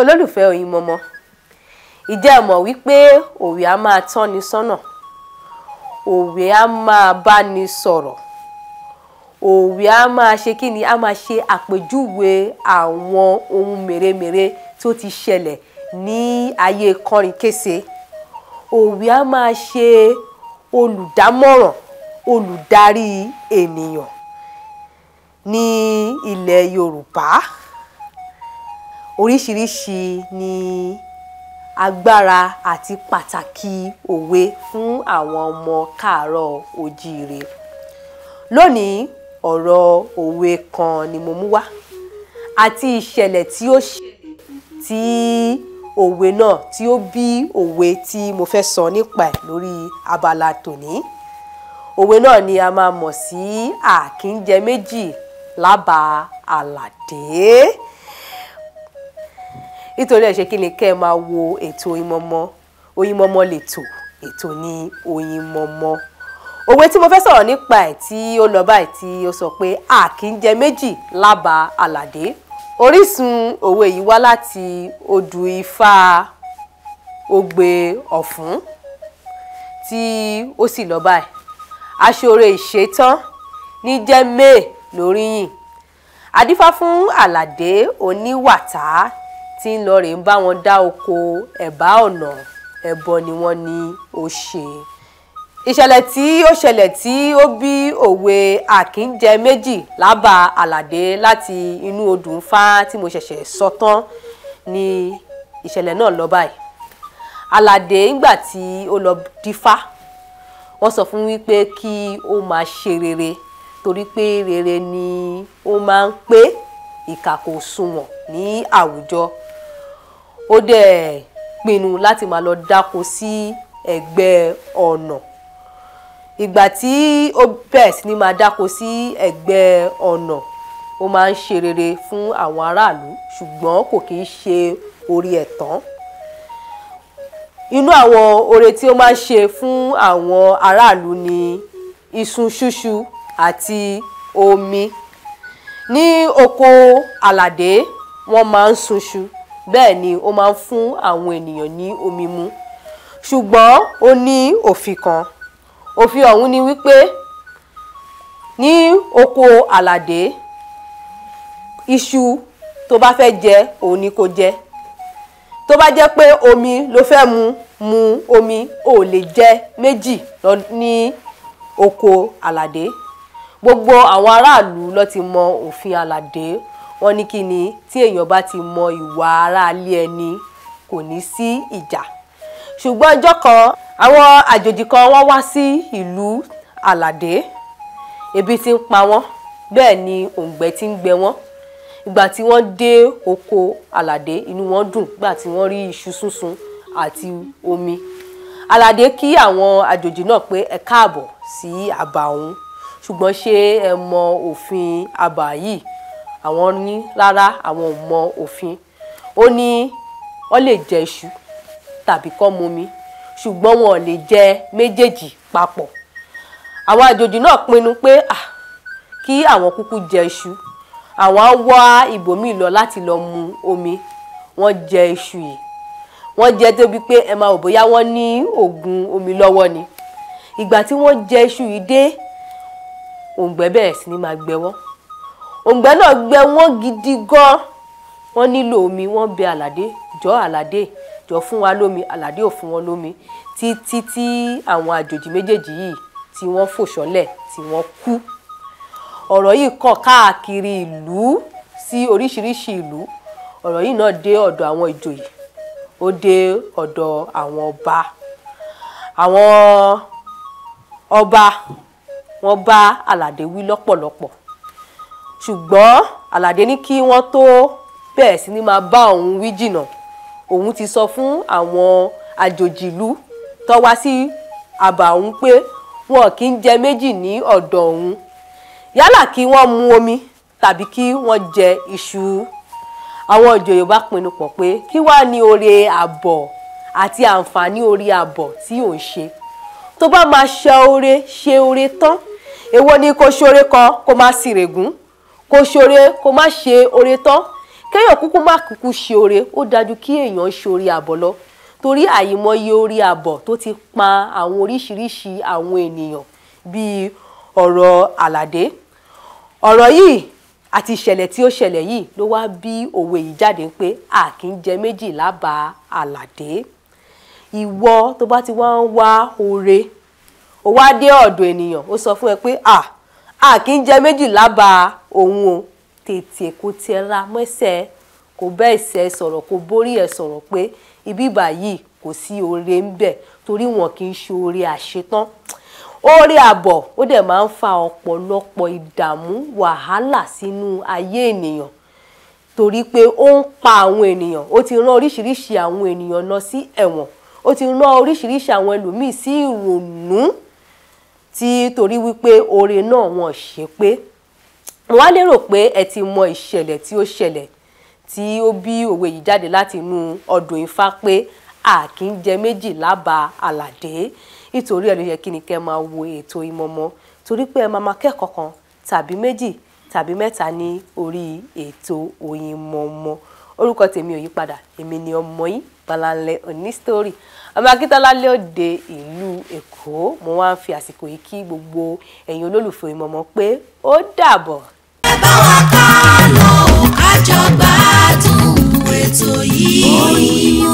olólùfẹ́ Oyinmomo ìjẹ́ mọ̀ wípé òwe a máa tọ́ni sọ́nà òwe a máa báni sọ̀rọ̀ òwe a máa ṣe kí ni a máa ṣe àpèjúwe àwọn ohun mèremère tó ti ṣẹlẹ̀ ní ayé kọrin kése òwe a máa ṣe olùdámọ̀ràn olùdarí ènìyàn ní ilẹ̀ Yorùbá oríṣiríṣi ni agbára àti pàtàkì òwe fún àwọn ọmọ káàárọ̀ ojíire lónìí ọ̀rọ̀ òwe kan ni mo mú wá àti ìṣẹ̀lẹ̀ tí ó ṣẹlẹ̀ tí òwe náà tí ó bí òwe tí mo fẹ́ sọ nípa ẹ̀ lórí abala tòní òwe náà ni a máa mọ̀ sí àkínjẹ méjì lábàá àlàdé nítorí ẹ̀ ṣe kí ni kẹ́ ẹ máa wo ètò Oyinmomo Oyinmomo lètò ètò ní Oyinmomo òwe tí mo fẹ́ sọ̀rọ̀ nípa ẹ̀ tí ó lọ báyìí tí ó sọ pé a kì í jẹ méjì lábàá àlàdé orísun òwe yìí wá láti odù ifá Ogbe Ọ̀fún tí ó sì lọ báyìí aṣọre ìṣetán ní jẹ́ may lóríyìn adífá fún àlàdé oníwàtá tí ń lọ rè ń bá wọn dá oko ẹ̀bá ọ̀nà ẹ̀bọ ni wọ́n ní ó ṣe. ìṣẹ̀lẹ̀ tí ó ṣẹlẹ̀ tí ó bí òwe àkínjẹ méjì lába àlàdé láti inú odùn fá tí mo ṣẹ̀ṣẹ̀ sọ tán ni ìṣẹ̀lẹ̀ náà lọ báyìí. àlàdé ńgbà tí ó lọ dífá wọ́n sọ fún wípé kí ó máa ṣe rere torí pé rere ni ó máa ń pé ìkà kò ní àwùjọ ó dẹ̀ pinnu láti máa lọ dáko sí ẹ̀gbẹ́ ọ̀nà ìgbà tí ó bẹ̀rẹ̀ sí ni máa dáko sí ẹ̀gbẹ́ ọ̀nà ó máa ń ṣe rere fún àwọn aráàlú ṣùgbọ́n kò kì í ṣe orí ẹ̀ tán inú àwọn oore tí ó máa ń ṣe fún àwọn aráàlú ni iṣu ṣúṣú àti omi ní oko àlàdé wọ́n máa ń sunṣu bẹ́ẹ̀ ni ó máa ń fún àwọn ènìyàn ní omi mu ṣùgbọ́n ó ní òfin kan òfin ọ̀hún ni wípé ní oko àlàdé iṣu tó bá fẹ́ jẹ òun ni kò jẹ tó bá jẹ́ pé omi ló fẹ́ mu mu omi ò lè jẹ méjì ní oko àlàdé gbogbo àwọn aráàlú ló ti mọ òfin àlàdé wọ́n ní kí ni tí èèyàn bá ti mọ ìwà aráalé ẹni kò ní sí ìjà ṣùgbọ́n ọjọ́ kan àwọn àjòjì kan wọ́n wá sí ìlú àlàdé ebi ti ń pa wọ́n bẹ́ẹ̀ ni òǹgbẹ ti ń gbẹ wọ́n ìgbà tí wọ́n dé oko àlàdé inú wọn dùn gbà tí wọ́n rí iṣu súnsun àti omi àlàdé kí àwọn àjòjì náà pé ẹ káàbọ̀ sí àbà òun ṣùgbọ́n ṣé ẹ mọ òfin àbà yìí àwọn ní rárá àwọn ò mọ òfin ó ní wọ́n lè jẹ iṣu tàbí kọ́ momi ṣùgbọ́n wọn ò lè jẹ méjèèjì papọ̀ àwọn àjòjì náà pinnu pé ah, kí àwọn kúkú jẹ iṣu àwọn á wá ibòmíì lọ láti lọ mu omi wọ́n jẹ iṣu yìí wọ́n jẹ débi pé ẹ máa wò bóyá wọ́n ní oògùn omi lọ́wọ́ ni ìgbà tí wọ́n jẹ iṣu yìí dé òǹgbẹ bẹ̀rẹ̀ sí ni máa gbẹ òǹgbẹ náà gbẹ wọ́n gidi gan wọ́n nílò omi wọ́n bẹ àlàdé jọ àlàdé jọ fún wa lómi àlàdé ò fún wọn lómi títí tí àwọn àjòjì méjèèjì yìí tí wọ́n fò sọ́lẹ̀ tí wọ́n kú ọ̀rọ̀ yìí kàn káàkiri ìlú sí oríṣiríṣi ìlú ọ̀rọ̀ yìí náà dé ọ̀dọ̀ àwọn ìjòyè ó dé ọ̀dọ̀ àwọn ọba àwọn ọba wọ́n bá Àlàdé wí lọ́pọ̀lọpọ̀ ṣùgbọ́n Àlàdé ní kí wọ́n tó bẹ̀rẹ̀ sí ni máa bá òun wí jìnnà òun ti sọ fún àwọn àjòjì ìlú tó wá sí àbà òun pé wọn kì í jẹ méjì ní ọ̀dọ̀ òun yálà kí wọ́n mu omi tàbí kí wọ́n jẹ iṣu àwọn ìjòyè bá pinnu pọ̀ pé kí wàá ní oore àbọ̀ àti àǹfààní orí àbọ̀ tí ò ń ṣe tó bá máa ṣe oore ṣe oore tán èwo ni kò ṣoore kan kó má sì règún kó ṣoore kó má ṣe oore tán kéèyàn kúkú má kúkú ṣe oore ó dájú kí èèyàn ṣe oore àbọ̀ lọ torí àìmọye oore àbọ̀ tó ti pa àwọn oríṣiríṣi àwọn ènìyàn bíi ọ̀rọ̀ àlàdé ọ̀rọ̀ yìí àti ìṣẹ̀lẹ̀ tí ó ṣẹlẹ̀ yìí ló wá bí òwe yìí jáde pé a kì í jẹ méjì lába àlàdé ìwọ tó bá ti wá ń wá oore ó wá dé ọ̀dọ̀ ènìyàn ó sọ fún ẹ pé ah a kì í jẹ méjì lábàá òun o tètè kò tiẹ̀ ra mọ́sẹ̀ kò bá ẹsẹ̀ sọ̀rọ̀ kò borí ẹ̀ sọ̀rọ̀ pé ibi báyìí kò sí oore ń bẹ̀ torí wọn kì í ṣe oore àṣetán oore àbọ̀ ó dẹ̀ máa ń fa ọ̀pọ̀lọpọ̀ ìdààmú wàhálà sínú ayé ènìyàn torí pé ó ń pa àwọn ènìyàn ó ti rán oríṣiríṣi àwọn ènìyàn lọ sí ẹ̀wọ̀n ó ti rán oríṣiríṣi àwọn ẹlòmíì sí ìrònú tí torí wípé oore náà wọn ṣe pé mo wá lérò pé ẹ ti mọ ìṣẹ̀lẹ̀ tí ó ṣẹlẹ̀ tí ó bí òwe yìí jáde láti inú ọdún ifá pé a kì í jẹ méjì lába àlàdé nítorí ẹ ló yẹ kí ni kẹ́ máa wo ètò ìmọ̀mọ́ torí pé ẹ máa máa kẹ́kọ̀ọ́ kan tàbí méjì tàbí mẹ́ta ní orí ètò Oyinmọmọ orúkọ tèmi ò yí padà èmi ni ọmọ yín Balanlé Onísítórì ọmọ Akíntọ́lá lóde ìlú Èkó mo wá ń fi àsìkò yìí kí gbogbo ẹ̀yin olólùfẹ́ ìmọ̀mọ́ pé ó dàbọ̀. ẹ bá wa ká lọ ká ètò yìí.